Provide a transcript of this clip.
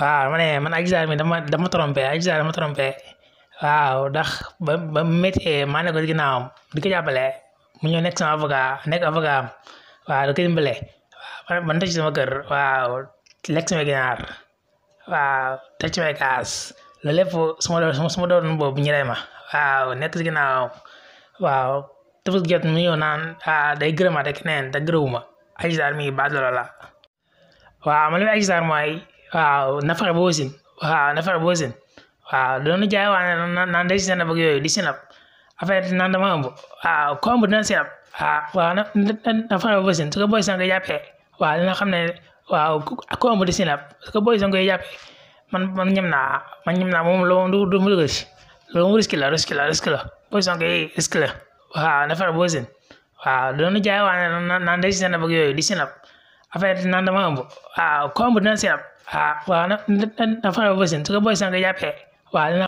waaw ma ne man Agisa mi dama dama trompé dama trompé waaw ndax ba ba métier maa nekkoon ginnaawam di ko jàppale mu ñëw nekk sama avocat nekk avocat am waaw di ko dimbale waaw man tëj sama kër waaw lekk sama ginaar waaw tëj sama kaas loolu lépp su ma doon su boobu ñu ma waaw nekk si ginnaawam waaw tefus jot mu ñëw naan ah day gërëmaate keneen da gërëwuma Agisa mi baal la waaw man li Agisa mooy. waaw nafara boosin waaw nafara boosin waaw doonu jaay waa naan day sinap ak yooyu di sinap affaire naan dama ëmb waaw ko ëmb dina sinap waaw waaw nafara boosin su ko booy sango jàppee waaw dina waaw ko ëmb di waaw nafara jaay waa naan day sinap yooyu di affaire nan dama ëmb waaw ko ëmb dina si am waaw waaw na na na fara wasin su ko booy sànq jàppee waaw